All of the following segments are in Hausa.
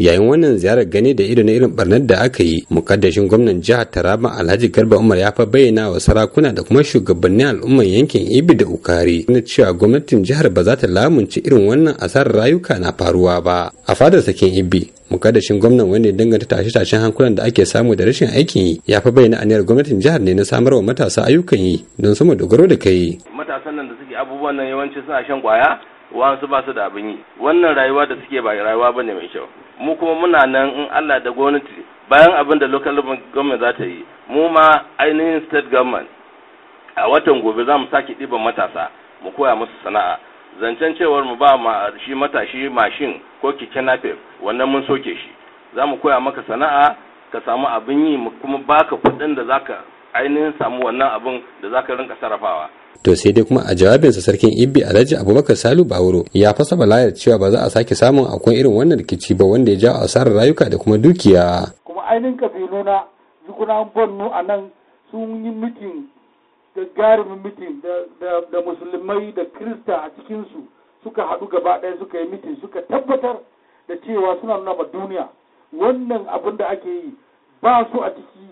yayin wannan ziyarar gani da ido na irin barnar da aka yi mukaddashin gwamnan jihar taraba alhaji garba umar ya fa bayyana wa sarakuna da kuma shugabannin al'umman yankin ibi da ukari na cewa gwamnatin jihar ba za ta lamunci irin wannan asarar rayuka na faruwa ba a fadar sakin ibi mukaddashin gwamnan wanda ya danganta tashe-tashen hankulan da ake samu da rashin aikin yi ya fa bayyana aniyar gwamnatin jihar ne na samar wa matasa ayyukan yi don sama dogaro da kai matasan nan da suke abubuwan nan yawanci suna shan kwaya wasu ba su da abin yi wannan rayuwa da suke ba rayuwa ba ne mai kyau mu kuma muna nan in Allah da gwamnati bayan abin da local government za ta yi mu ma ainihin state government a watan gobe za mu sake ɗiban matasa mu koya musu sana'a zancen cewar mu ba ma shi matashi mashin ko keke napep wannan mun soke shi za mu koya maka sana'a ka samu abin yi mu kuma baka kuɗin da zaka ainihin samu wannan abin da za ka rinka sarrafawa. To sai dai kuma a jawabinsa sarkin Ibbi Alhaji Abubakar Salu Bawuro ya fasa balayar cewa ba za a sake samun akwai irin wannan rikici ba wanda ya ja asarar rayuka da kuma dukiya. Kuma ainihin kabilu na zukuna Borno a nan sun yi mitin gagarumin mitin da musulmai da Kirista a cikinsu suka haɗu gaba ɗaya suka yi mitin suka tabbatar da cewa suna nuna ma duniya wannan abin da ake yi ba su a ciki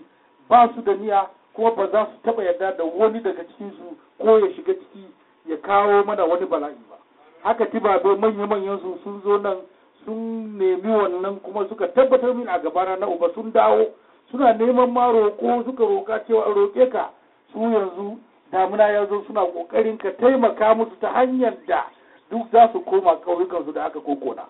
ba su da niyya kuma ba za su taɓa yarda da wani daga cikinsu ko ya shiga ciki ya kawo mana wani bala'i ba haka tibabe manya-manyan su sun zo nan sun nemi wannan kuma suka tabbatar min a gabana na uba sun dawo suna neman ma roƙo suka roƙa cewa a roƙe ka su yanzu damuna ya zo suna ƙoƙarin ka taimaka musu ta hanyar da duk za su koma ƙauyukansu da aka kokona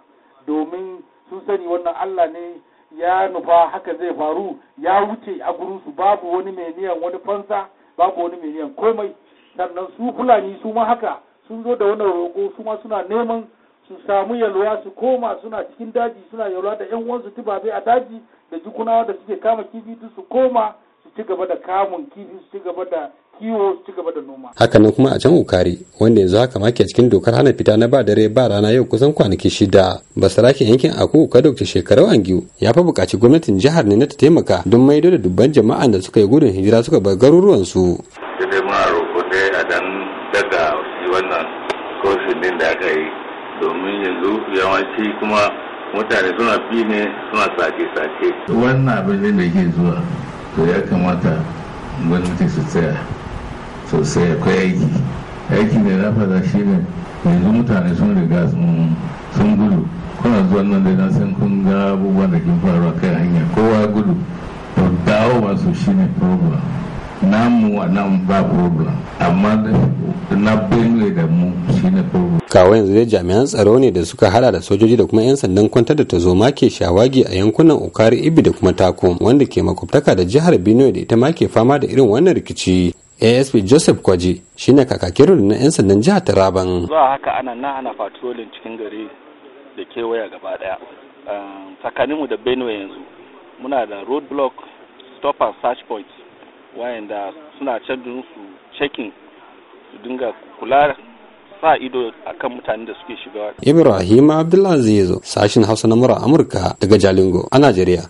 domin sun sani wannan Allah ne ya nufa haka zai faru ya wuce a gurinsu babu wani mai niyan wani fansa babu wani mai niyan komai sannan su fulani su ma haka sun zo da wani roƙo su ma suna neman su samu yalwa su koma suna cikin daji suna yalwa da yan uwansu tubabe a daji da jikunawa da suke kama kifi su koma su ci gaba da kamun kifi su ci da kiwo su ci gaba da noma. Hakanan kuma a can Ukari wanda yanzu haka make cikin dokar hana fita na ba dare ba rana yau kusan kwanaki shida. ba sarakin yankin Aku Ukadok ta shekaru an giyu. ya fa buƙaci gwamnatin jihar ne na ta taimaka don maido da dubban jama'an da suka yi gudun hijira suka bar garuruwansu. Sai ma a dan daga wannan din da yawanci kuma mutane suna bi ne suna sake-sake. Wannan abin da ke zuwa to ya kamata gwamnati su tsaya sosai akwai aiki aiki da na fada shi ne yanzu mutane sun riga sun gudu kuna zuwa nan da na san kun ga abubuwan da kin faru kai kan hanya kowa gudu to dawo masu shi ne problem namu a nan ba problem amma na benue kawo yanzu dai jami'an tsaro ne da suka hada da sojoji da kuma 'yan sandan kwantar da tazoma ke shawagi a yankunan ukari ibi da kuma tako wanda ke makwabtaka da jihar benue da ita ma ke fama da irin wannan rikici asp joseph kwaji shine kakakin rundunar 'yan sandan jihar taraban zuwa haka ana nan ana patrolin cikin gari da kewaya gaba daya ehm, tsakaninmu da benue yanzu muna da road block stop and search point wayanda suna can su checking su dinga kula sa ido akan mutanen da suke shiga. Ibrahim Zezo, sashin Hausa na mura Amurka daga Jalingo a Najeriya.